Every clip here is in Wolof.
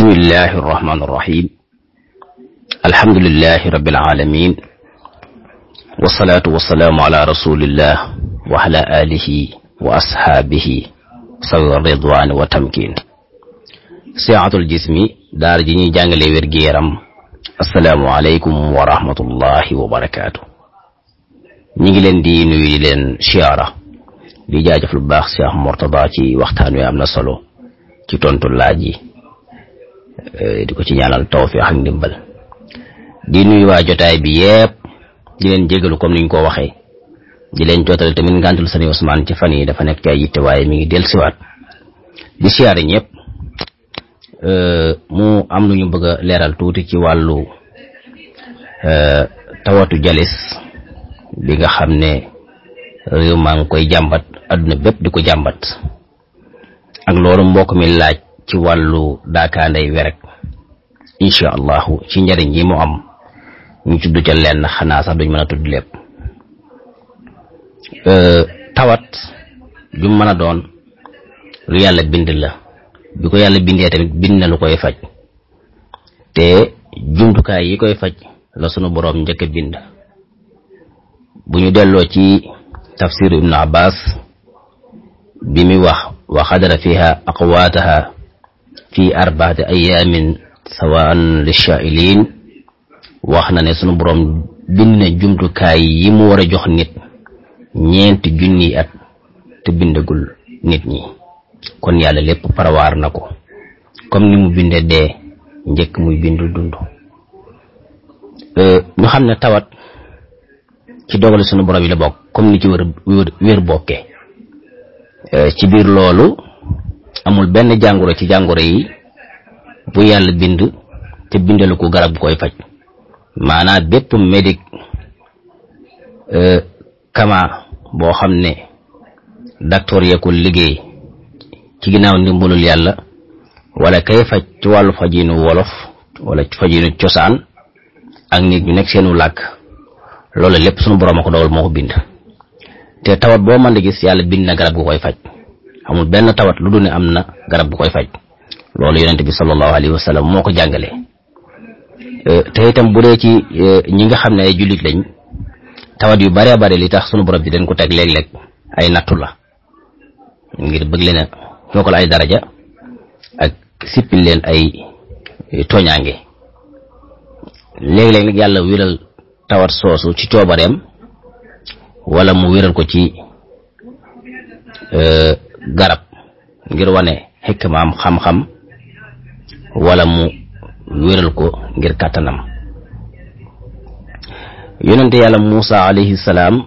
بسم الله الرحمن الرحيم الحمد لله رب العالمين والصلاة والسلام على رسول الله وعلى آله وأصحابه صلى الرضوان وتمكين ساعة الجسم دار جني جانجل ورقيرم السلام عليكم ورحمة الله وبركاته نيجي لين دي نوي لين شيارة di jaajëf lu baax cheikh mortada ci waxtaan wi Eh, di ko ci ñaanal tawfiq ak ndimbal di nuyu wa jotaay bi yépp di leen jégalu comme niñ ko waxee di leen jotale tamit ngantul sani Ousmane ci fan yi dafa nekk ay yitte waaye mi ngi dellusiwaat di siyaare ñëpp eh, mu am lu ñu bëgg a leeral tuuti ci wàllu eh, tawatu jalis bi nga xam ne réew maa ngi koy jàmbat àdduna bépp di ko jàmbat ak loolu mbokk mi laaj ci wàllu daakaandey werek insa allahu ci njariñ yi mu am ñu tudd ca lenn xanaa sax duñ mën a tudd lépp tawat ju mën a doon lu yàlla bind la bi ko yàlla bindee tamit bind na lu koy faj te jumtukaay yi koy faj la sunu borom njëkk bind bu ñu delloo ci tafsir ibnu abbas bi muy wax wa xadara fiha aqwaataha fi arbaati ayaamin sawaan lishaa'iliin wax na ne sunu boroom bind na jumtukaay yi mu war a jox nit ñeenti junniy at te bindagul nit ñi kon yàlla lépp parawaar na ko comme ni mu binde dee njëkk muy bind dund euh, ñu xam ne tawat ci dogal sunu boroom yi la bokk comme ni ci wër wér bokke euh, ci biir loolu amul benn jàngoro ci jàngoro yi bu yàlla bind te bindalu garab bu koy faj maanaam bépp euh, kama boo xam ne docteur yee ko liggéey ci ginnaaw ndimbalul yàlla wala kay faj ci wàllu fajinu wolof wala fajinu cosaan ak nit ñu nekk seenu làkk loolu lépp sunu borom a ko dogal moo ko bind te tawat boo mën di gis yàlla bind na garab gu koy faj amul benn tawat lu dul ne am na garab bu koy faj loolu yonente bi sallallahu alayhi moo ko jàngale euh, te itam bu dee ci euh, ñi nga xam ne ay jullit lañ tawat yu bare bare li tax sunu borom bi dañ ko teg léeg-léeg ay nattu la ngir bëgg leen a yokkal ay daraja ak sippil leen ay tooñaange léeg-léeg yàlla wéral tawat soosu ci coobareem wala mu wéral ko ci euh, garab ngir wane xikmaam xam-xam wala mu wéral ko ngir katanam yonente yalla musa alayhi salam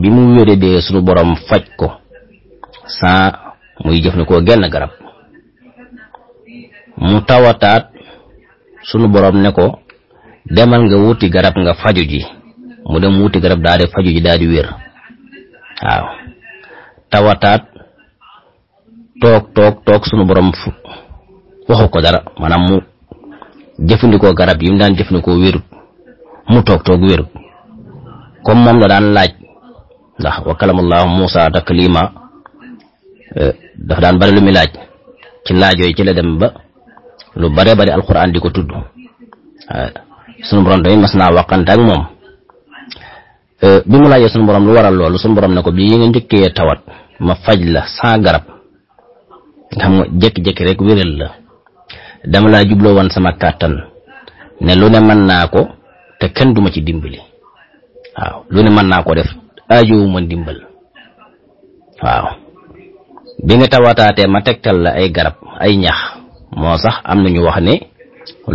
bi mu wéradee suñu borom fajj ko sa muy ko genn garab mu tawataat suñu borom ne ko demal nga wuti garab nga faju ji mu dem wuti garab daal faju ji daal di waaw tawataat tok tok tok sunu borom waxu ko dara manam mu jëfandikoo garab yi mu daan jëfandikoo wérut mu tok tok wérut comme mom la daan laaj ndax wa kalamallahu musa taklima eh, dafa daan bari lu mi laaj ci laaj yoy ci la dem ba lu bare bare alquran diko ko eh, sunu borom day mas waqanta ak moom eh, bi mu laajee sunu borom lu waral lolou sunu borom nako ko nga tawat ma fajla sa garab xam nga jékki-jékki rek wéral la dama laa jubloo woon sama kàttan ne lu ne mën naa ko te kenn duma ci dimbali waaw lu ne mën naa ko def aajowu ma dimbal waaw bi nga tawataatee ma tegtal la ay garab ay ñax moo sax am na ñu wax ne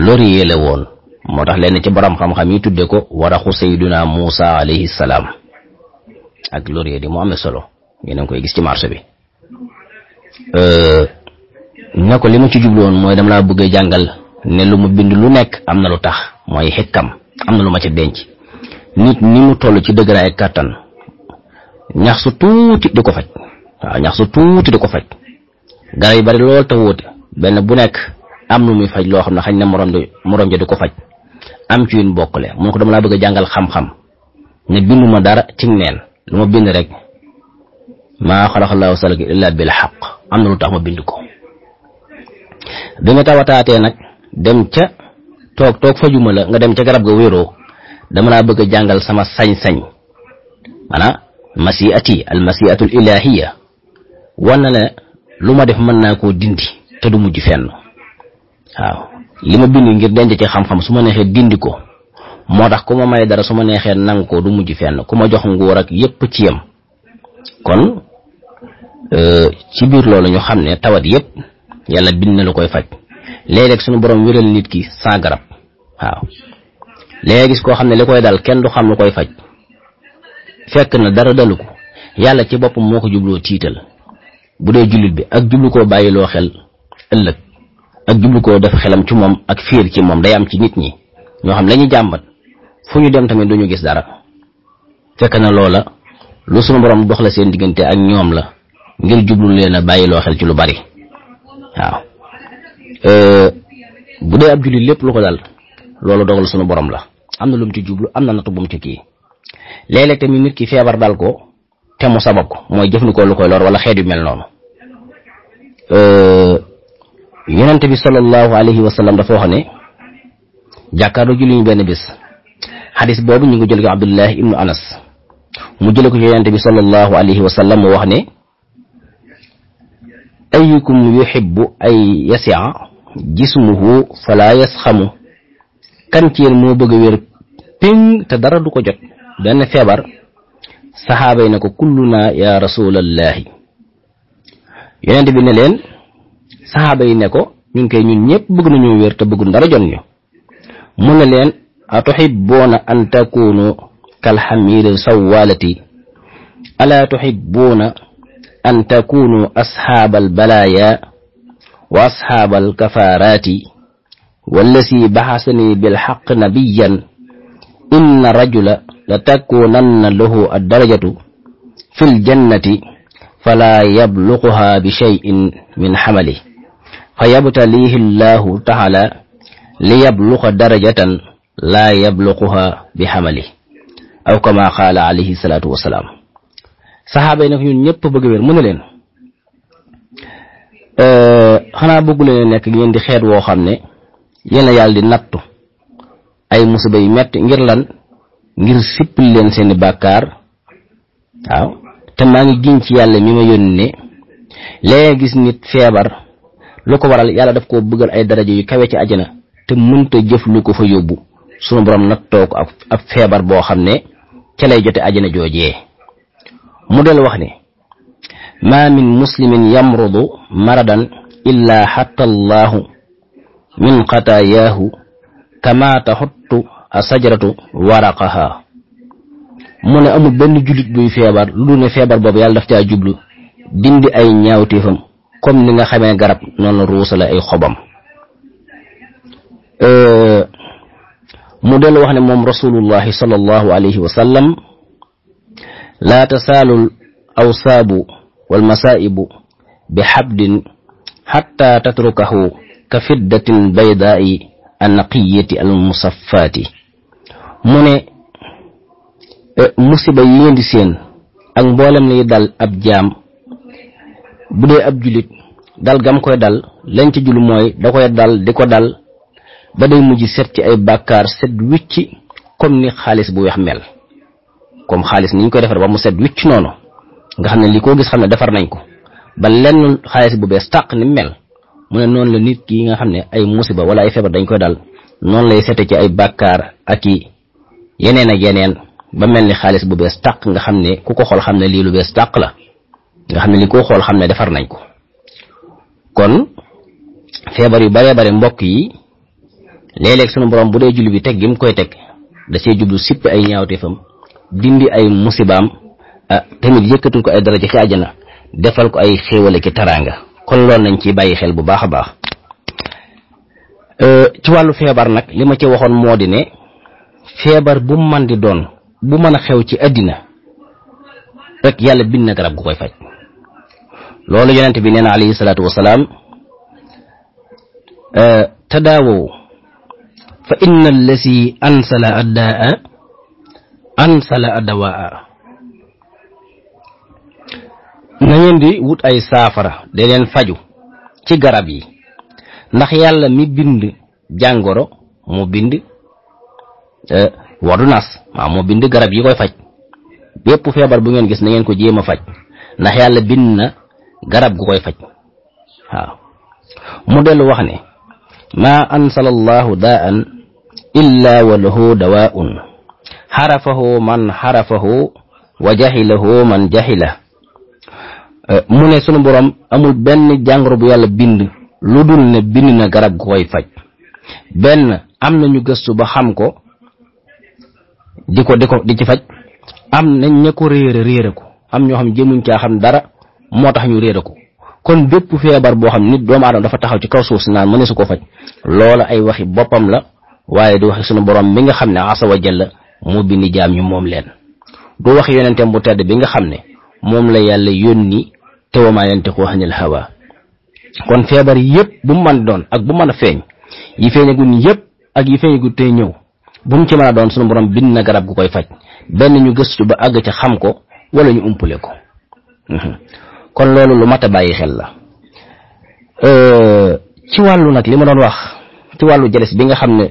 laurier la woon moo tax lenn ci borom xam-xam yi tudde ko waraxu sayduna Muusa alayhi salaam ak laurier di mu amee solo ngeen koy gis ci marché bi Euh, ne ko li ma ci jubloon mooy dama laa bëgg jàngal ne lu mu bind lu nekk am na lu tax mooy xekkam am na lu ma ci denc nit ni mu toll ci dëgëraay kàttan ñax su tuuti di ko faj waaw ñax su tuuti du ko faj garab yi bari lool te wóote benn bu nekk am lu muy faj loo xam ne xañ na morom di morom ja di ko faj am ci yun bokkule mun ko dama laa bëgg jàngal xam-xam ne binduma dara ci neen lu ma bind rek maa xalaqa llaahu salaka illaa bil xaq am na lu tax ma bind ko bi nga tawataatee nag dem ca toog toog fajuma la nga dem ca garab ga wéeroo dama laa bëgg a jàngal sama sañ-sañ maanaam masiati al masiatul ilahiya wan na ne lu ma def mën naa koo dindi te du mujj fenn waaw li ma bind ngir denc ci xam-xam su ma neexee dindi ko moo tax ku ma may dara su ma neexee nangu ko du mujj fenn ku ma jox nguur ak yépp ci yem kon ci biir loolu ñu xam ne tawat yëpp yàlla bind na lu koy faj léeg-léeg suñu boroom wéral nit ki saa garab waaw léegi gis koo xam ne li koy dal kenn du xam lu koy faj fekk na dara dalu ko yàlla ci boppam moo ko jubloo tiital bu dee jullit bi ak jublu koo bàyyiloo xel ëllëg ak jublu koo def xelam ci moom ak fiir ci moom day am ci nit ñi ñoo xam lañu jàmbat fu ñu dem tamit duñu gis dara fekk na loola lu sunu borom dox la seen diggante ak ñoom la ngir jublu leen a bàyyi loo xel ci lu bari waaw euh, bu dee ab jullit lépp lu ko dal loolu dogal sunu borom la am na lu mu ci jublu am na natu bu mu ci kii léeg-léeg tamit nit ki feebar daal ko te mu sabab ko mooy jëf jëfandikoo lu koy lor wala xeet yu mel noonu euh, yonent bi sallallahu alayhi wa sallam dafa wax ne jàkkaarloo julli ñu benn bis xadis boobu ñu ngi jël ko Abdullah ibnu Anas mu jële ko ci yonent bi sallallahu alayhi wa sallam mu wax ne ayukum yuhibbu ay yasia jismuhu fala yasxamu kan moo bëgg a wér ping te dara du ko jot benn feebar saxaaba yi na ko kulluna ya rasulallahi yonent bi ne leen saxaaba yi ne ko ñun koy ñun ñëpp bëgg nañu wér te bëggul dara jot ñu mu ne leen a tuhibbuuna an takunu kal xamiri sawalati ala tuhibbuuna أن تكونوا أصحاب البلايا وأصحاب الكفارات والذي بحثني بالحق نبيا إن الرجل لتكونن له الدرجة في الجنة فلا يبلغها بشيء من حمله فيبتليه الله تعالى ليبلغ درجة لا يبلغها بحمله أو كما قال عليه الصلاة والسلام saxaaba yi nag ñun ñëpp bëgg wér mu ne leen euh, xanaa bëggu leen nekk ngeen di xeet woo xam ne yéen a yàlla di nattu ay musiba yu metti ngir lan ngir sippil leen seeni bàkkaar waaw te maa ngi giñ ci yàlla mi ma yónni ne léeg gis nit feebar lu ko waral yàlla daf koo bëggal ay daraja yu kawe ci àjjana te mënta jëf lu ko fa yóbbu suma borom nag toog ak ab feebar boo xam ne ca lay jote àjjana joojee mu del wax ni ma min muslimin yamrudu maradan illa xatta allahu min xataayaahu kama taxuttu asajaratu waraqaha mu ne amul benn jullit buy feebar lu dul ne feebar boobu yàlla daf caa jublu dindi ay ñaawteefam comme ni nga xamee garab noonu ruusale ay xobam euh, mu dellu wax ne moom rasulullahi sallallahu alayhi wa la tasalu lausabu walmasaibu bihabdin hatta tatrukahu ka fiddatin baydai anaqiyati almusaffati mu ne e, musiba yiindi seen ak mboolem lay dal ab jaam bu dee ab julit dal gam koy dal lañ ci jul mooy da koy dal di ko dal ba day mujj set ci ay bàkkaar set wicc comme ni xaalis bu wex mel kom xaalis ni ñu koy defar ba mu set wicc noonu nga xam ne li koo gis xam ne defar nañ ko ba lenn xaalis bu bees tàq ni mel mu ne noonu la nit ki nga xam ne ay musiba wala ay feebar dañ koy dal noonu lay sete ci ay bàkkaar ak i yeneen ak yeneen ba mel ni xaalis bu bees tàq nga xam ne ku ko xool xam ne lii lu bees tàq la nga xam ne li koo xool xam ne defar nañ ko kon feebar yu bare bare mbokk yi léeg-léeg sunu borom bu dee julli bi teg gim koy teg da see jublu sipp ay ñaawteefam dindi ay musibaam ah tamit yëkkatul ko ay daraja ci àjjana defal ko ay xéewale ki taraanga kon loolu nañ ci bàyyi xel bu baax a baax eh, ci wàllu feebar nag li ma ci waxoon moo di ne feebar bu man di doon bu mën a xew ci àddina rek yàlla bind na garab gu koy faj loolu yonent bi nee na alayhi salaatu wasalaam eh, tadaawoo fa inna allasi ansala addaa ansala adawaa nañendi wut ay saafara deneen faju ci garab yi ndax yàlla mi bind jàngoro moo bind e, wadu nas waaw moo bind garab yi koy faj bépp feebar bu ngeen gis na ngeen ko jéem a faj ndax yàlla bind na garab gu koy faj waaw mu dellu wax ne ma ansala allahu daa an illa walahu dawa un harafahu man harafahu wa jahilahu man jahilah eh, mu ne sunu borom amul benn jàngoro bu yàlla bind lu ne bind na garab gu koy faj benn am nañu gëstu ba xam ko di ko di ci faj am nañ ña ko ko am xam jëmuñ xam dara moo ñu ko kon bépp feebar boo xam nit doomu aadama dafa taxaw ci kaw suuf si naan mëne su ko faj loola ay waxi boppam la waxi sunu borom mi nga xam ne asa jalla moo bind jaam ñi moom leen doo wax yonenteem bu tedd bi nga xam ne moom la yàlla yónni te wa ko yantiqu anil hawa kon feebar yëpp bu mu mën doon ak bu mën a feeñ yi feeñagun yëpp ak yi feeñagun tey ñëw bu mu ci mën a doon sunu borom bind na garab gu koy faj benn ñu gëstu ba àgg ci xam ko walla ñu umpule ko mhm. kon loolu lu mat a bàyyi xel la ci wàllu nag li ma doon wax ci wàllu jalis bi nga xam ne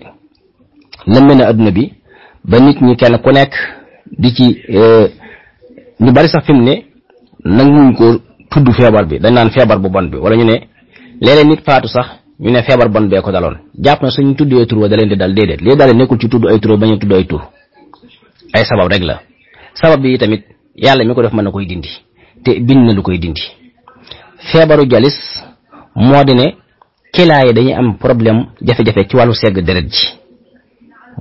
lëmme na adduna bi ba nit ñi kenn ku nekk di ci euh, ñu bari sax fi mu ne nanguñ ko tudd feebar bi dañ naan feebar bu bon bi wala ñu ne léeg-léeg nit faatu sax ñu ne feebar bon bee ko daloon jàpp na suñu tuddee tur wa da leen di dal déedéet lii daal nekkul ci tudd ay tur ba ñu tudd ay tur ay sabab rek la sabab bi tamit yàlla mi ko def mën na koy dindi te bind na lu koy dindi feebaru jalis moo di ne kilaay dañuy am problème jafe-jafe ci wàllu segg deret ji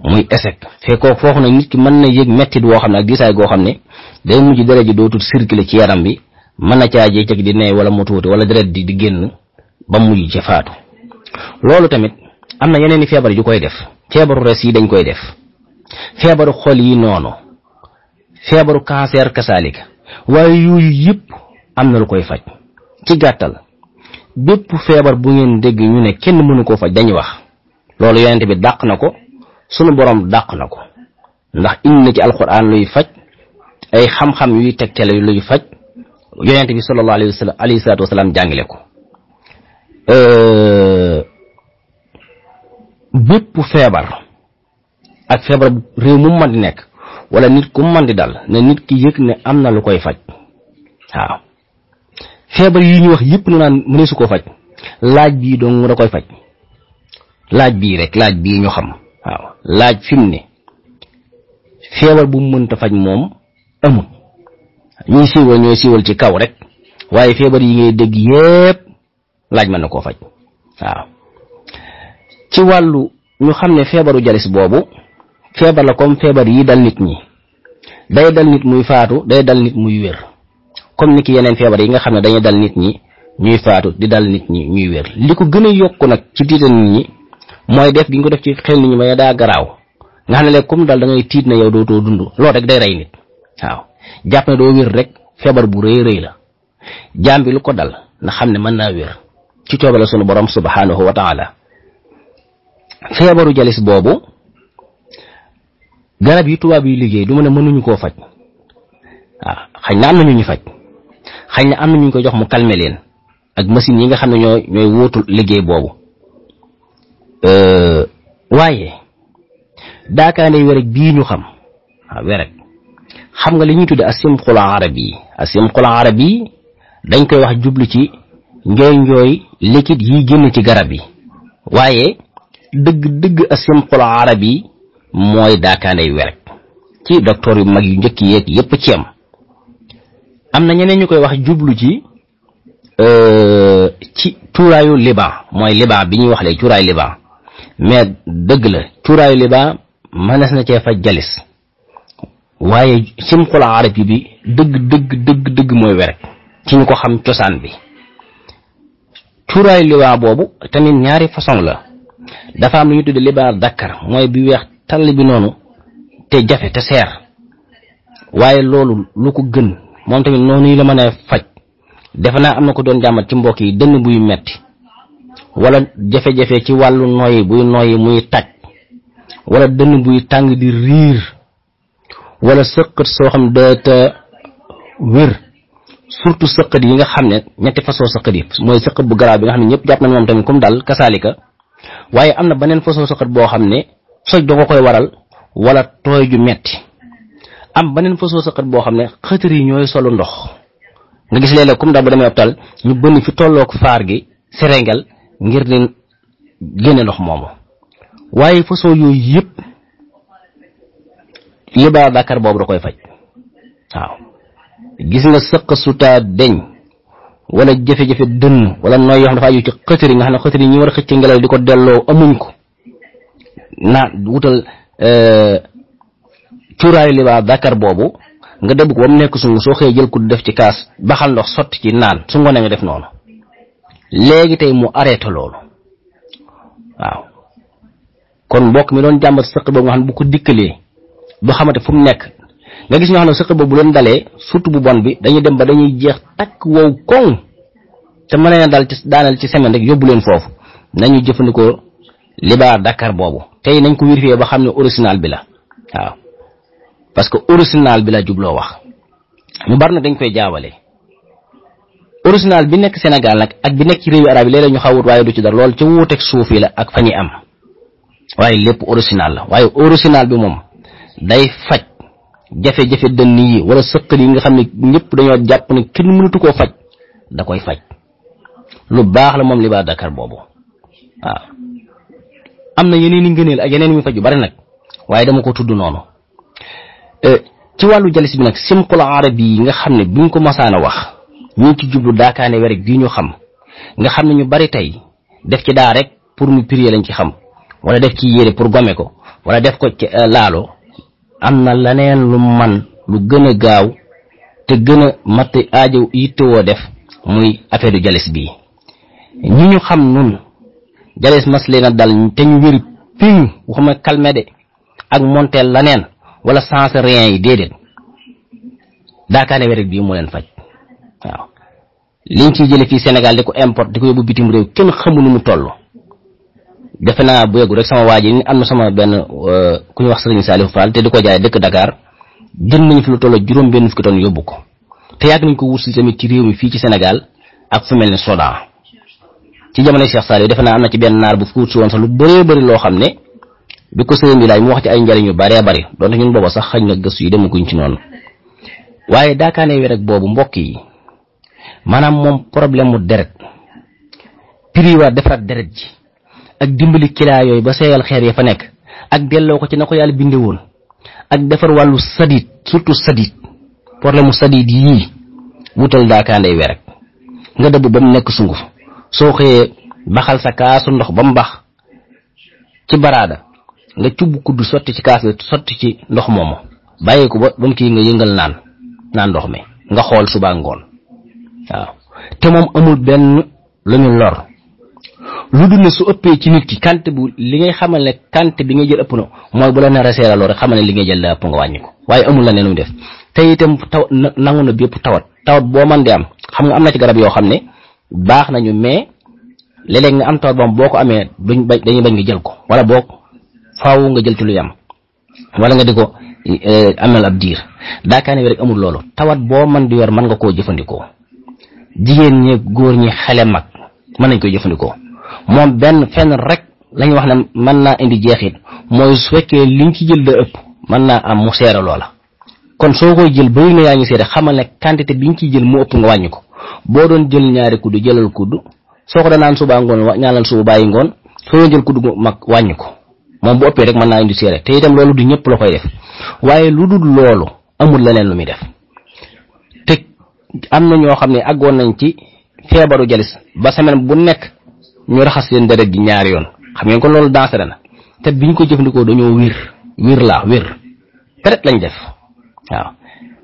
muy échec fekkoo foofu nag nit ki mën na yëg mettit woo xam ne ak gisaay goo xam ne day mujj deret ji dootul circuler ci yaram bi mën na caa jeeg di ne wala mu tuuti wala deret di di génn ba mujj ci faatu loolu tamit am na yeneen i feebar yu koy def feebaru res yi dañ koy def feebaru xol yi noonu feebaru cancer kasaalika waaye yooyu yëpp am na lu koy faj ci gàttal bépp feebar bu ngeen dégg ñu ne kenn mënu koo faj dañuy wax loolu yonent bi dàq na ko sunu borom dàq na ko ndax indi na ci alxuraan luy faj ay xam-xam yuy tegtale luy faj yonent bi sallallahu alayhi wa sallam alayhi salaatu jàngile ko euh, bépp feebar ak feebar réew mu mën nekk walla nit ku mën di dal ne nit ki yëg ne am na lu koy faj waaw feebar yi ñu wax yëpp na naan mëneesu koo faj laaj bii doo koy faj laaj bii rek laaj bii ñu xam laaj fi ni ne feebar bu mu mënta faj moom amul ñuy siiwal ñooy siiwal ci kaw rek waaye feebar yi ngay dégg yépp laaj mën na koo faj waaw ci wàllu ñu xam ne feebaru jalis boobu feebar la comme feebar yi dal nit ñi day dal nit muy faatu day dal nit muy wér comme ni ki yeneen feebar yi nga xam ne dañuy dal nit ñi ñuy faatu di dal nit ñi ñuy wér li ko gën yokk nag ci tiital ñi mooy def gi ñu ko def ci xel nit ñi ma ya daa garaaw nga xam ne léegi comme daal da ngay na ne yow dootoo dund loolu rek day rey nit waaw jàpp ne doo wér rek feebar bu rëy rëy la jaam lu ko dal na xam ne mën naa wér ci coobale sunu borom subhanahu wa taala feebaru jalis boobu garab yi tubaab yi liggéey du ma ne mënuñu koo faj waaw xañ na am na ñu ñu faj xañ na am na ñu ko jox mu calmer leen ak machine yi nga xam ne ñoo ñooy wóotul liggéey boobu Euh, waaye daakaande wereg bii ñu xam waaw xam nga li ñuy tudde asimqul arab yi asimqul arab yi dañ koy wax jublu ci njooy njooy liquide yi génn ci garab yi waaye dëgg dëgg asimqul arab yi mooy daakaande wereg ci docteur yu mag yu njëkk yeeg yépp ci am am na ñeneen ñu koy wax jublu ci euh, ci cuuraayu liba mooy liba bi ñuy wax léegi cuuraayu liba mais dëgg la cuuraayu liba mënees na cee faj jalis waaye simqul arab yi bi dëgg dëgg dëgg dëgg mooy werek ci ñu ko xam cosaan bi cuuraayu liba boobu tamit ñaari façon la dafa am lu ñu tudde liba dakkar mooy bi weex tàll bi noonu te jafe te seer waaye loolu lu ko gën moom tamit noonu la mën a faj defe naa am na ko doon jàmbat ci mbokk yi dënn buy metti wala jafé jafé ci walu noy buy noy muy taj wala dënn buy tang di riir wala sëqat soo xam ta wér surtout sëqat yi nga xam ne ñetti façon sëqat yi mooy sëqat bu garaaw bi nga xam ne ñëpp jàpp nañ moom tamit comme daal kasaalika waaye am façon boo xam soj da nga koy waral wala tooy ju metti am beneen façon bohamne. boo xam ne xëtër yi ñooy solu ndox nga gis léeg-léeg comme bu demee optal ñu bënn fi tolloog faar gi ngir leen génne ndox moomu waaye façon yooyu yëpp li ba boobu da koy faj waaw gis nga sëq sutaa deñ wala jafe-jafe dënn wala nooy yoo xam dafa aju ci xëtër yi nga xam ne xëtër yi ñu war a xëcc ko delloo amuñ ko naa wutal euh, cuuraayu li ba bàkkaar boobu nga dëbb ko ba mu nekk suñu soo xëyee jël ko def ci kaas baxal ndox sotti ci naan su ngoonee nga def noonu. léegi tey mu arrêté loolu waaw kon mbokk mi doon jàmbat sëq boobu nga xam ne bu ko dikkalee ba xamante fu mu nekk nga gis ñoo xam ne sëq boobu bu leen dalee surtout bu bon bi dañuy dem ba dañuy jeex takk wow koŋ te mën na dal ci daaneel ci semaine rek yóbbu leen foofu nañu jëfandikoo libaar Dakar boobu tey nañ ko vérifié ba xam ne original bi la waaw parce que original bi la jubloo wax ñu bari nag dañ koy jaawale. original bi nekk Sénégal nag ak bi nekk ci réewi arab yi léeg-léeg xaw wut waaye du ci dara loolu ca wuuteeg suuf yi la ak fa ñuy waaye lépp original la waaye original bi moom day faj jafe-jafe dënn yi wala sëqal nga xam ne ñëpp dañoo jàpp ne kenn mënatu koo faj da baax la moom li ba boobu am na yeneen i ngëneel ak yeneen mi faj bari nag waaye dama ko tudd noonu eh, wàllu jalis bi nag simqul arabi yi ne buñ ko masaana wax. ñu ci jublu daakaane wer gi ñu xam nga xam ne ñu bari tey def ci daal rek pour mu prier lañ ci xam wala def ci yére pour gome ko wala def ko ci euh, laalo am na leneen lu man lu gën a gaaw te gën a mat aajo yittewoo def muy affaire du jalis bii ñi ñu xam nun jalis mas na a dal te ñu wéri piñ waxuma calme de ak monteel leneen wala sans rien yi déedéet daakaane wer bii moo leen faj waaw liñ ci jële fii sénégal di ko import di ko yóbbu bitim réew kenn nu mu toll defe bu yeggu rek sama waa ni am na sama benn euh, ku ñu wax sëriñ Salif Fall te di ko jaay dëkk Dakar jënd nañu fi lu toll juróom benn fukki tonn yóbbu ko te yàgg nañ ko wutsi tamit ci réew mi fii ci Sénégal ak fu mel ne Soudan ci jamono Cheikh Saliou defe naa am na ci benn naar bu fu wutsi woon sax lu bëree bëri loo xam ne bi ko sëriñ bi laaj mu wax ci ay yu bëree bëri ñun booba sax xañ na gëstu yi demaguñ ci noonu waaye wi rek boobu mbokk yi maanaam moom problème mu deret priwa defar deret ji ak dimbali kilaa yooyu ba seyal xeer ya fa nekk ak delloo ko ci na ko yàlla binde woon ak defar wàllu sadit surtout sadit problème mu sadit yii wutal daakaanday we rek nga dëbb ba mu nekk sunguf soo xëyee baxal sa kaasu ndox ba mu bax ci baraada nga cubb kudd sotti ci kaas bi sotti ci ndox moomu bàyyi ko ba ba mu kii nga yëngal naan naa ndox mi nga xool suba ngoon waaw te moom amul benn lu ñu lor lu dul ne su ëppee ci nit ki kante bu li ngay xamal ne kante bi ngay jël ëpp na mooy bu la nar a la rek xamal ne li ngay jël la ëpp nga wàññi ko waaye amul la ne nu def te itam taw nangu na bépp tawat tawat boo man di am xam nga am na ci garab yoo xam ne baax nañu mais léeg-léeg nga am tawat bom boo ko amee duñ bañ dañuy bañ nga jël ko wala boo faaw nga jël ci lu yam wala nga di ko eh, amal ab diir daakaane rek amul loolu tawat boo man di yor man nga koo jëfandikoo jigen ñe goor ñi xalé mag man nañ koy jëfëndiko mom ben fenn rek lañ wax na man na indi jeexit moy su fekke liñ ci jël da ëpp man na am mu séra loola kon so koy jël bëy na yaa ngi seere xamal ne quantité biñ ci jël mu ëpp nga wañiko bo doon jël ñaari kuddu jëlal kuddu soo ko danaan ñaanal suba bayi ngon so jël kuddu mag wañiko mom bu ëppé rek man na indi séra té itam loolu du ñëpp la koy def waye amul leneen lu mi def am na ñoo xam ne àggoon nañ ci feebaru jalis ba semaine bu nekk ñu raxas leen dara gi ñaari yoon xam ngeen ko loolu dansere na te biñ ko jëfandikoo dañoo wir wir laa wir teret lañ def waaw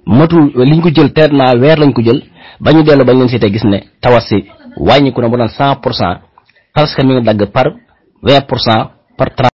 matu liñ ko jël teret naa weer lañ ko jël ba ñu dellu bañ leen seetee gis ne tawas si ko na bu doon cent pour cent parce que mi ngi dagg par vingt pour cent par